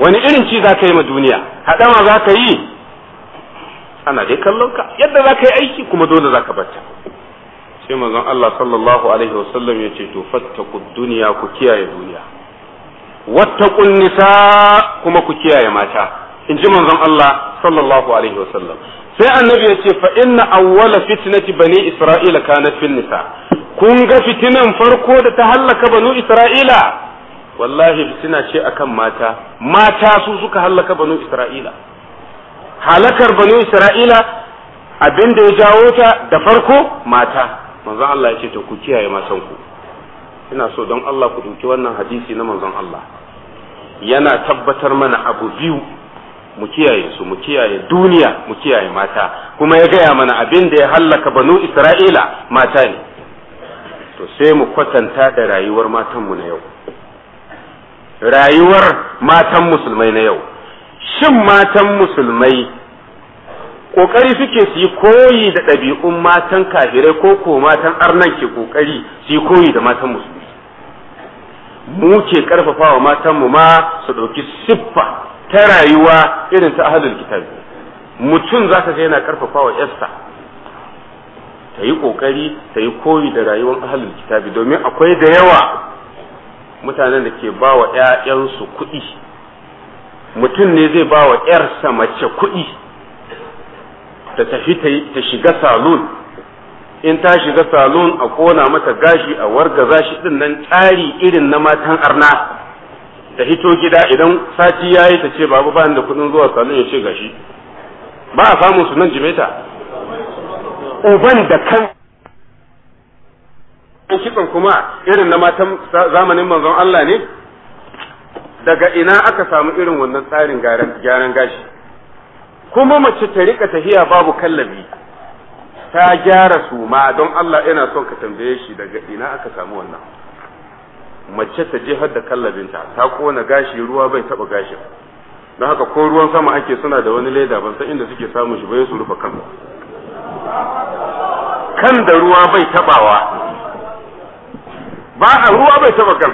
wani irin ci za ka yi ma duniya haɗama za ka yi ana dai kallon ka yadda za ka yi aiki kuma dole za ka bata sai manzon Allah sallallahu alaihi wasallam ya ce to fattaku duniya ku kiyaye duniya wattaqun nisa kuma ku kiyaye mata in ji manzon Allah sallallahu alaihi wasallam sai annabi ya ce fa inna awwala fitnati bani isra'ila kanat fil nisa kun ga fitinan farko da ta halaka banu isra'ila wallahi fitina ce akan mata mata su suka hallaka banu isra'ila halakar banu isra'ila abin da ya jawo ta da farko mata manzon Allah ya ce to ku kiyaye matan ku ina so don Allah ku duki wannan hadisi na manzon Allah yana tabbatar mana abu biyu mu kiyaye su mu kiyaye duniya mu kiyaye mata kuma ya gaya mana abin da ya hallaka banu isra'ila mata ne to sai mu kwatanta da rayuwar matanmu na yau rayuwar matan musulmai na yau shin matan musulmai ƙoƙari suke su yi koyi da ɗabi'un matan kafirai ko ko matan arnan ke kokari su yi koyi da matan musulmai? mu ke karfafa wa matan ma su ɗauki siffa ta rayuwa irin ta ahlul kitabi mutum za ka ga yana karfafa wa yarsa ta yi kokari ta yi koyi da rayuwar ahlul kitabi domin akwai da yawa mutanen da ke ba wa 'ya'yansu kuɗi mutum ne zai ba wa 'yarsa mace kuɗi ta tafi ta shiga salon in ta shiga salon a kona mata gashi a wargaza shi ɗin nan tsari irin na matan arna ta hito gida idan sati ya yi ta ce babu ba da kuɗin zuwa salon ya ce gashi ba a samun sunan nan jimeta uban da kan in kitson kuma irin na matan zamanin manzon Allah ne daga ina aka samu irin wannan tsarin gyaran gashi kuma mace ta rika tahiya babu kallabi ta gyara su ma don Allah yana son ka tambaye shi daga ina aka samu wannan mace ta je har da kallabinta ta kona gashi ruwa bai taba gashi. don haka ko ruwan sama ake suna da wani leda ban san inda suke samun shi bai su rufe kan kan da ruwa bai tabawa ba a ruwa bai taba kan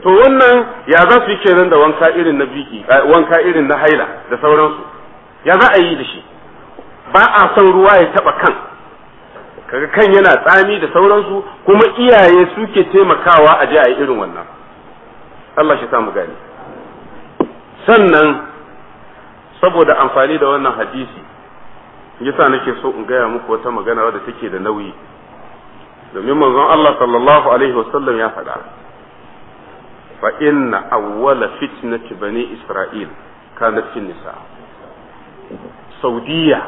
to wannan ya za su yi kenan da wanka irin na biki eh, wanka irin na haila da sauransu ya za a yi da shi ba a son ruwa ya taba kan kaga kan yana tsami da sauransu kuma iyaye suke taimakawa a je a yi irin wannan Allah shi samu gani sannan saboda amfani da wannan hadisi yasa nake so in gaya muku wata magana wadda take da nauyi domin manzon Allah sallallahu alaihi wasallam ya faɗa fa inna awwala fitnati bani isra'il kanat fi nisa saudiya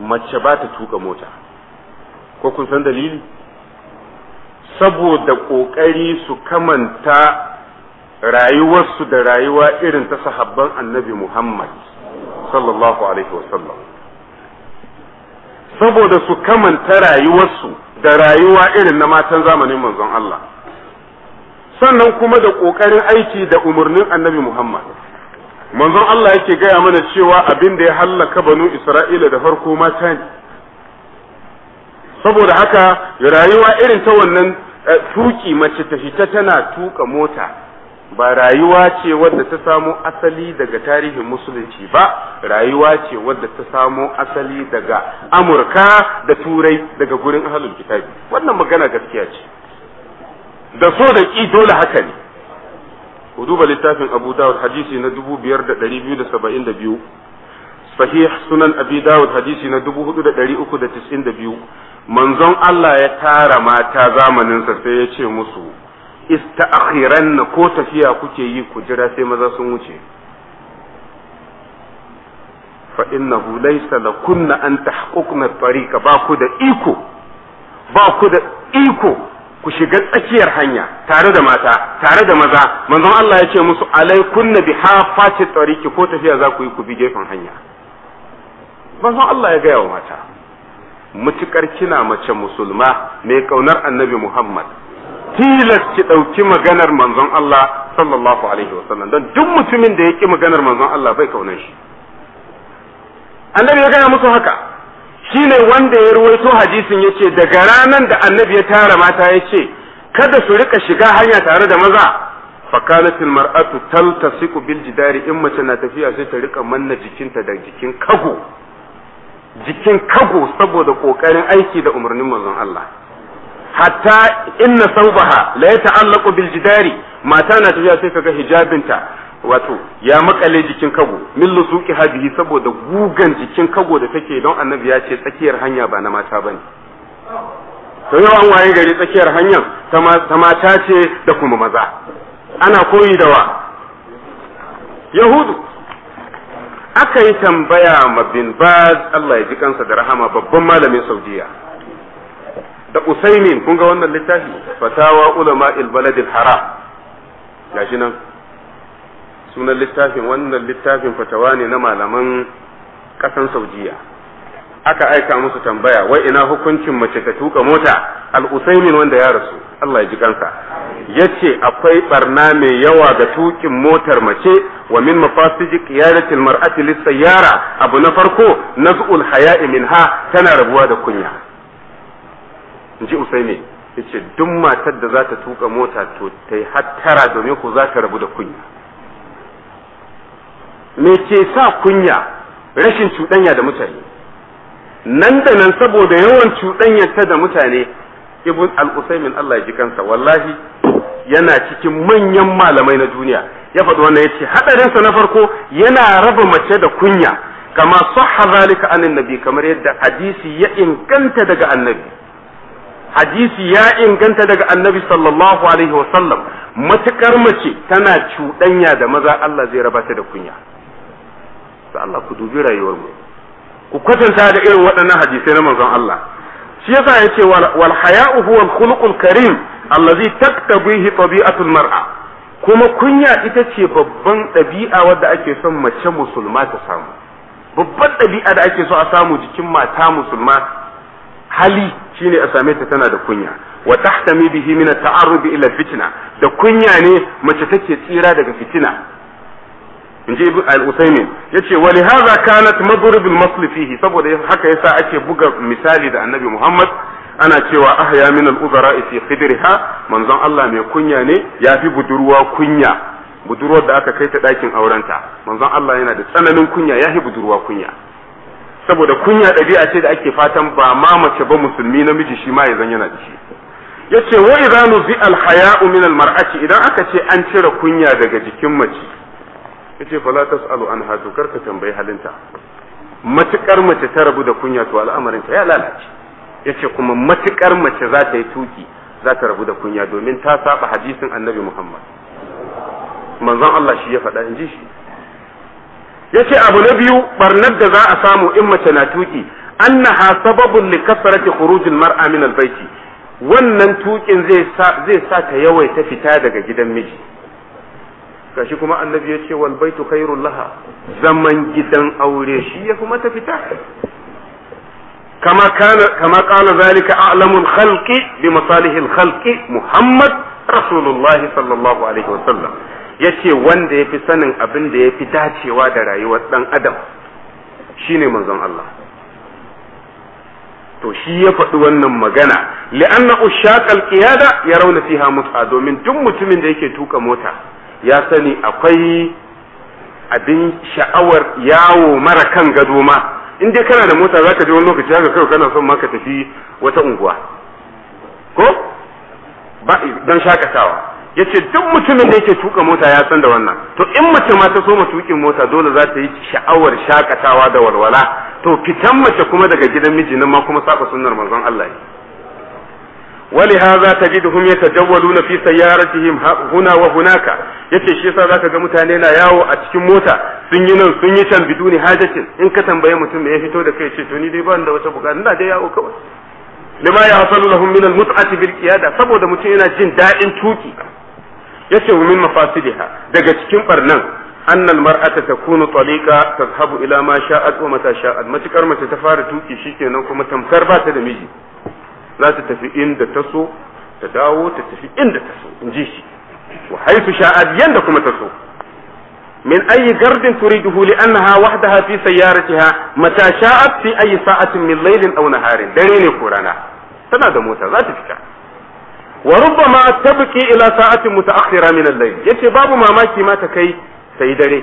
mace ba ta tuka mota ko kun san dalili saboda ƙoƙari su kamanta rayuwarsu da rayuwa irin ta sahabban annabi Muhammad sallallahu Alaihi wasallam saboda su kamanta rayuwarsu da rayuwa irin na matan zamanin manzon Allah sannan kuma da ƙoƙarin aiki da umarnin annabi Muhammad manzon Allah yake gaya mana cewa abin da ya hallaka banu Isra'ila da farko mata ne saboda haka rayuwa irin ta wannan eh, tuki mace ta tana tuka mota ba rayuwa ce wadda ta samo asali daga tarihin musulunci ba rayuwa ce wadda ta samo asali daga amurka da turai daga gurin ahalin kitabi wannan magana gaskiya ce da so da ƙi dole haka ne ku duba littafin abu dawud hadisi na biyu sahih sunan abi dawud hadisi na 4392 manzon allah ya tara mata zamaninsa sai ya ce musu ista'akhiran ko tafiya kuke yi ku jira sai maza sun wuce fa innahu laysa lakunna an tahquqna tariqa ba ku da iko ba ku da iko ku shiga tsakiyar hanya tare da mata tare da maza manzon Allah ya ce musu alaikunna bi hafati tariqi ko tafiya za ku yi ku bi gefen hanya manzon Allah ya gaya wa mata mutukar kina mace musulma mai kaunar annabi Muhammad tilas ki ɗauki maganar manzon Allah sallallahu alaihi wasallam don duk mutumin da ya ƙi maganar manzon Allah bai kaunar shi annabi ya gaya musu haka shi ne wanda ya ruwaito hadisin ce daga ranar da annabi ya tara mata ya ce kada su rika shiga hanya tare da maza fakanatil mar'atu taltasiqu bil jidari in mace na tafiya sai ta rika manna jikinta da jikin kago jikin kago saboda kokarin aiki da umarnin manzon Allah hatta inna saubaha la yata'allaqu bil jidari mata na tafiya sai kaga hijabinta wato ya makale jikin kago min lusuki hadihi saboda gugan jikin kago da take don annabi ya ce tsakiyar hanya ba na mata bane to yawan waye gari tsakiyar hanyar ta mata ce da kuma maza ana koyi da wa yahudu aka yi tambaya ma bin baz Allah ya ji kansa da rahama babban malamin saudiya da usaimin kun ga wannan littafi fatawa ulama baladil hara gashi nan sunan littafin wannan littafin fatawa ne na malaman kasan saudiya aka aika musu tambaya wai ina hukuncin mace ta tuka mota al-usaimin wanda ya rasu Allah ya ji kansa yace akwai barna mai yawa ga tukin motar mace wa min mafasiji qiyadatil mar'ati lis abu na farko naz'ul haya'i minha tana rabuwa da kunya in ji ne ya ce duk matar da za ta tuka mota to ta yi hattara domin ku za ta rabu da kunya me ke sa kunya rashin cuɗanya da mutane nan da nan saboda yawan cuɗanyarta da mutane ibn al-usaimin Allah ya ji kansa wallahi yana cikin manyan malamai na duniya ya faɗi wannan yace haɗarinsa na farko yana raba mace da kunya kama sahha zalika anin nabi kamar yadda hadisi ya inganta daga annabi hadisi ya inganta daga annabi sallallahu alaihi wasallam matukar mace tana cuɗanya da maza Allah zai raba ta da kunya sa Allah ku dubi rayuwar mu ku kwatanta da irin waɗannan hadisai na manzon Allah shi yasa yace wal haya'u huwa al khuluqul karim allazi taktabihi tabi'atul mar'a kuma kunya ita ce babban ɗabi'a wadda ake son mace musulma ta samu babban ɗabi'a da ake so a samu jikin mata musulma hali shine a same ta tana da kunya wa tahtami bihi min at-ta'arrub ila fitna da kunya ne mace take tsira daga fitina inji ibn al-usaymin yace wa li hadha kanat madrub al-masl fihi saboda haka yasa ake buga misali da annabi Muhammad ana cewa ahya min al-udara fi khidriha manzon Allah mai kunya ne yafi budurwa kunya budurwar da aka kai ta dakin aurenta manzon Allah yana da tsananin kunya yafi budurwa kunya saboda kunya ɗabi'a ce da ake fatan ba ma mace ba musulmi namiji shi ma ya zan yana da shi yace wa idza nuzi al haya'u min al mar'ati idan aka ce an cire kunya daga jikin mace yace fala tasalu an ha to karka tambayi halinta matukar mace ta rabu da kunya to al'amarin ta ya lalace yace kuma matukar mace za ta yi tuki za ta rabu da kunya domin ta saba hadisin annabi Muhammad manzon Allah shi ya faɗa in ji shi yace abu na biyu barnar da za a samu in mace na tuki annaha sababun li kasrati khurujin mar'a min albayti wannan tukin zai sa zai sa ta yawaita fita daga gidan miji kashi kuma annabi ya ce wal baitu khairul laha zaman gidan aure shi ya kuma ta fita kama كان كما قال ذلك اعلم الخلق بمصالح الخلق khalqi muhammad rasulullahi sallallahu alaihi عليه وسلم yace wanda ya fi sanin abin da ya fi dacewa da rayuwar ɗan adam shine manzon Allah to shi ya faɗi wannan magana li'anna ushaqal qiyada ya rauna fiha musa domin duk mutumin da yake tuka mota ya sani akwai abin sha'awar yawo mara kan gado ma in dai kana da mota zaka je wani lokaci haka kai kana son ma ka tafi wata unguwa ko ba dan shakatawa yace duk mutumin da yake tuka mota ya san da wannan to in mace ma ta soma tukin mota dole za ta yi sha'awar shakatawa da walwala to fitan mace kuma daga gidan miji nan ma kuma saka sunnar manzon Allah ne tajiduhum yatajawwaluna fi في huna wa hunaka yace shi yasa zaka ga mutane na yawo a cikin mota sun yi nan sun yi can biduni hajatin in ka tambaye mutum me ya fito da kai ce to ni dai ban da wata bukata ina dai yawo kawai lima ya hasalu lahum min al-mut'ati bil qiyada saboda mutum yana jin daɗin tuki yace wa min mafasidiha daga cikin barnan annal mar'ata takunu taliqa tazhabu ila ma sha'at wa mata sha'at matukar mace ta fara tuki shikenan kuma tamkar ba ta da miji za ta tafi inda ta so ta dawo ta tafi inda ta so in ji shi wa haythu sha'at yanda kuma ta so min ayi gardin turiduhu li annaha wahdaha fi sayyaratiha mata sha'at fi ayi sa'atin min laylin aw naharin dare ne ko rana tana da mota za ta fita wa rubbama tabqi ila sa'atin mutaakhira min al-layl yace babu mamaki ma ta kai sai dare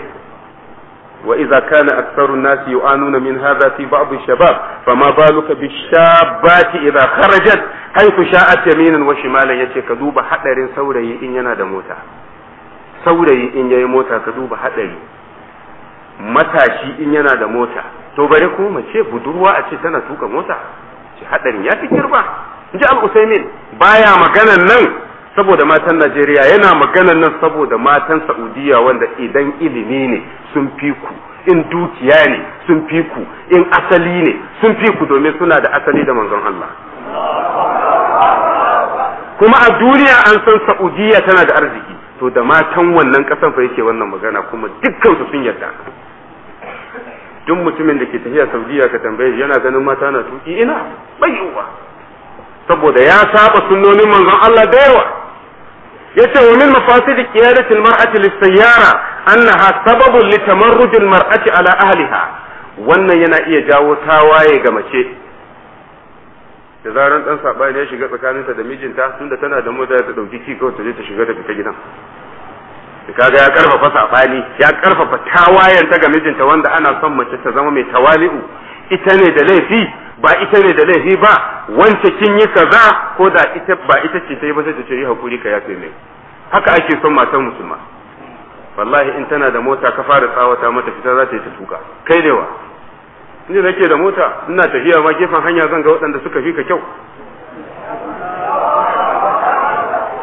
wa idza kana aktharu an-nas yu'anuna min hadha fi ba'd ash-shabab fama baluka bish-shabati idza kharajat haythu sha'at yaminan wa shimalan yace ka duba hadarin saurayi in yana da mota saurayi in yayi mota ka duba hadari matashi in yana da mota to bare ko mace budurwa a ce tana tuka mota ce hadarin ya fi girma inji al-usaymin baya maganan nan saboda matan Najeriya yana maganan nan saboda matan Saudiya wanda idan ilimi ne sun fi ku in dukiya ne sun fi ku in asali ne sun fi ku domin suna da asali da manzon Allah kuma a duniya an san Saudiya tana da arziki to da matan wannan kasan fa yake wannan magana kuma dukkan su sun yarda duk mutumin da ke tafiya Saudiya ka tambaye yana ganin mata na tuki ina bai yiwuwa saboda ya saba sunnonin manzon Allah da yawa yace wa min mafasidi qiyadati almar'ati lis-sayyara annaha sababun li tamarruj marati ala ahliha wannan yana iya jawo tawaye ga mace da zaran dan sabani ya shiga tsakaninta da mijinta tunda tana da mota ta dauki ki kawai ta ta shiga ta fita gidan kaga ya karfafa sabani ya karfafa tawayen ta ga mijinta wanda ana son mace ta zama mai tawali'u ita ne da laifi ba ita ne da laifi ba wance kin yi kaza ko da ita ba ita ce ta yi ba sai ta ce yi hakuri ka yafe mai haka ake son matan musulma wallahi in tana da mota ka fara tsawata mata fita za ta yi ta tuka kai ne wa ni nake da mota ina tafiya ma gefen hanya zan ga waɗanda suka fi ka kyau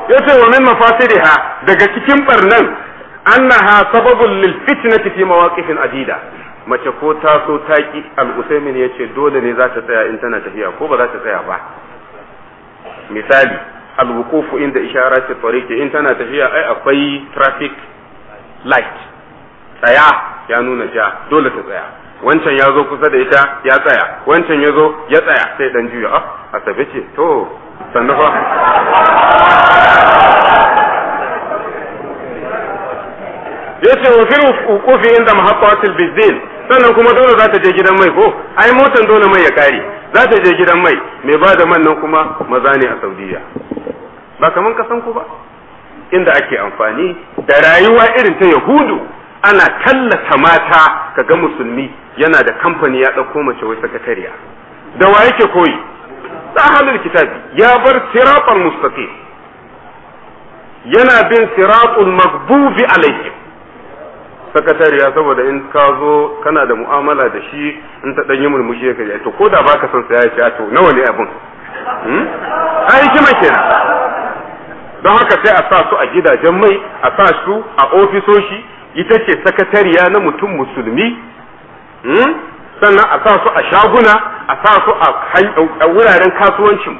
yace wa min mafasiriha daga cikin barnan annaha sababul lil fitnati fi mawaqifin adida mace ko ta so ta ki al-usaimin ya ce dole ne za ta tsaya in tana tafiya ko ba za ta tsaya ba misali al-wuqufu inda isharati tariqi in tana tafiya ai akwai traffic light tsaya ya nuna ja dole ta tsaya wancan ya zo kusa da ita ya tsaya wancan ya zo ya tsaya sai dan juya a ah, asabe ce to sannan fa yace wa fil wuqufi inda mahaqqatil bizil sannan kuma dole za ta je gidan mai ko ai motan dole mai ya kare za ta je gidan mai mai ba da man nan kuma maza ne a saudiya ba kaman kasan ku ba inda ake amfani da rayuwa irin ta yahudu ana tallata mata ka ga musulmi yana da kamfani ya ɗauko mace wai sakatariya da wa yake koyi halin kitabi ya bar siratul mustaqim yana bin siratul maghdubi alaihim sakatariya saboda in ka zo kana da mu'amala da shi in ta ɗanyi murmushi ka eh, to ko da baka son sai ya ah, to nawa ne abin hmm? a ke kenan don haka sai a sa su a gidajen mai a sa su a ofisoshi ita ce sakatariya na mutum musulmi hmm? sannan a sa su a shaguna a sa su a wuraren kasuwancin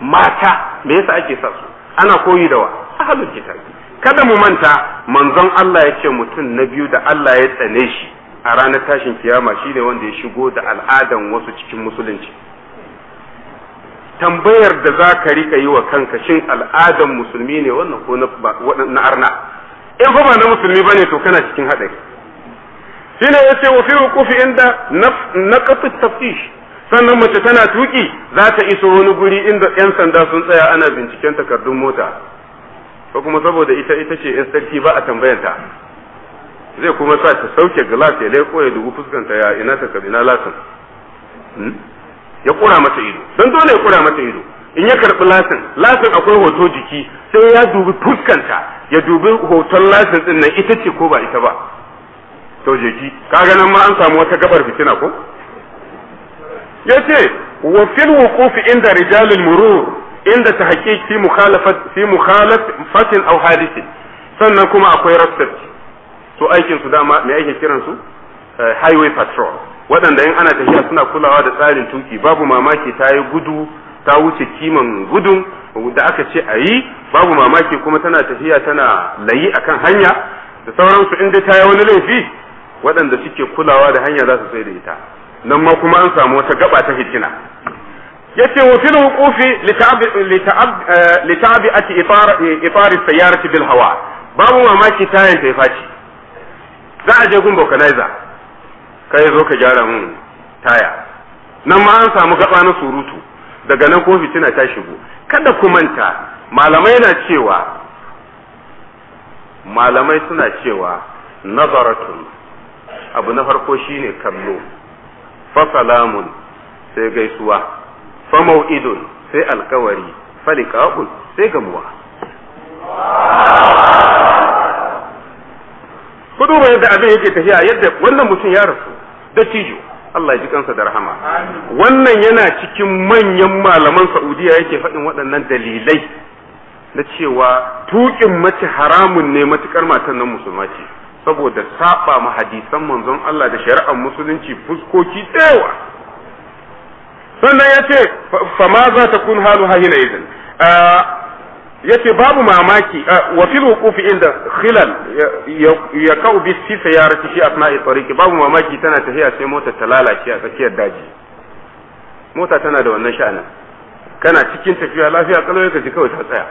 mata me yasa ake sa su ana koyi da wa a halin kitabi kada mu manta manzon Allah ya ce mutum na biyu da Allah ya tsane shi a ranar tashin kiyama shi ne wanda ya shigo da al'adan wasu cikin musulunci tambayar da za ka rika yi wa kanka shin al'adan musulmi ne wannan ko na arna in fa ba na musulmi ba ne to kana cikin haɗari shi ne ya ce wa fi rukufi inda na ƙafi sannan mace tana tuki za ta iso wani guri inda 'yan sanda sun tsaya ana binciken takardun mota ko kuma saboda ita ita ce in sarki ba a tambayanta zai kuma sa ta sauke glass ya leko ya dubu fuskanta ya ina ta kabina lasin hmm? ya kura mata ido don dole ya kura mata ido in ya karbi lasin lasin akwai hoto jiki sai ya dubi fuskanta ya dubi hoton lasin din nan ita ce ko ba ita ba to jiki kaga nan ma an samu wata gabar fitina ko yace wa fil wuqufi inda rijalul murur inda ta haƙiƙi fi mukhalafat fi mukhalafatin aw hadithin sannan kuma akwai rastar to aikin su dama me ake kiran su eh, highway patrol waɗanda in ana tafiya suna kulawa da tsarin tuki babu mamaki ta yi gudu ta wuce kiman gudun da aka ce a yi babu mamaki kuma tana tafiya tana layi akan hanya da sauransu in dai ta yi wani laifi waɗanda suke kulawa da hanya za su sai da ita nan ma kuma an samu wata gaba ta hikina yace wa fil wuqufi li ta'abi'ati eh, itar sayarati bil hawa babu mamaki tayan ta faci za a je gun vulcanizer kai zo ka gyara mun taya nan ma an samu gaba na surutu daga nan kofi tana ta shigo kada ku manta malamai na cewa malamai suna cewa nazaratun abu na farko shine kallo fa salamun sai gaisuwa fa mau'idun sai alkawari falika'un sai gamuwa ku yadda abin yake tafiya yadda wannan mutum ya rasu da tijo Allah ji kansa da rahama wannan yana cikin manyan malaman Saudiya yake faɗin waɗannan dalilai na cewa tuƙin mace haramun ne matukar matan nan musulma ce saboda saba ma hadisan manzon Allah da shari'ar musulunci fuskoki tsewa sannan ya ce fama za ta kun halu hahina idan ya ce babu mamaki wa fil wuqufi inda khilal ya kau bi fi sayarati fi asna'i tariqi babu mamaki tana tafiya sai mota ta lalace a tsakiyar daji mota tana da wannan sha'anin kana cikin tafiya lafiya kalau ka ji kawai ta tsaya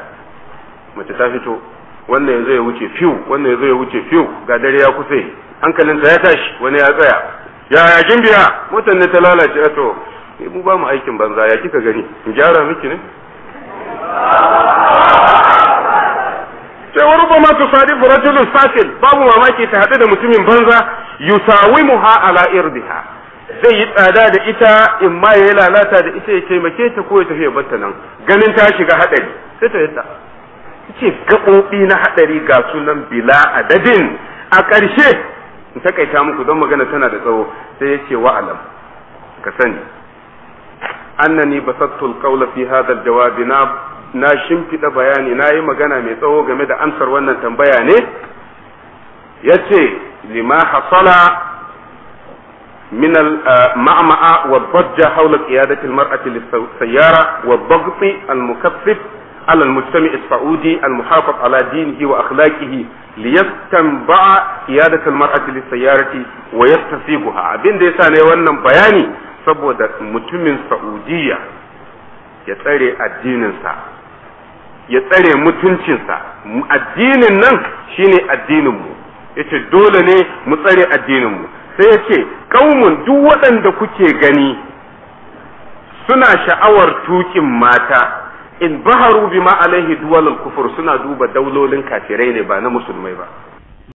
mace ta fito wannan yanzu ya wuce fiw wannan yanzu ya wuce fiw ga dare ya kusa hankalinta ya tashi wani ya tsaya yaya gimbiya motar ne ta lalace to sai eh, mu ba mu aikin banza ya kika gani in gyara miki ne cewar ba ma tusadifu rajulun sakin babu mamaki ta haɗu da mutumin banza yusawimuha ala irdiha zai yi tsada da ita in ma ya lalata da ita ya taimake ta ko ya tafi ya batta nan ganin ta shiga haɗari sai ta yadda ce gaɓoɓi na haɗari ga sunan bila adadin a ƙarshe in takaita muku don magana tana da tsawo sai ya ce wa'alam ka sani annani basattu alqawla fi hadha aljawab na na shimfida bayani na yi magana mai tsawo game da amsar wannan tambaya ne yace lima hasala من المعمعة والضجة حول قيادة المرأة للسيارة والضغط المكثف على المجتمع السعودي المحافظ على دينه وأخلاقه ليستنبع قيادة المرأة للسيارة ويستسيغها abin da yasa ne wannan bayani saboda mutumin Saudiyya ya tsare addininsa ya tsare mutuncinsa addinin nan shine addininmu ya ce dole ne mu tsare addininmu sai ya ce kaumun duk waɗanda kuke gani suna sha'awar tukin mata in baharu bima alaihi duwalal kufur suna duba daulolin kafirai ne ba na musulmai ba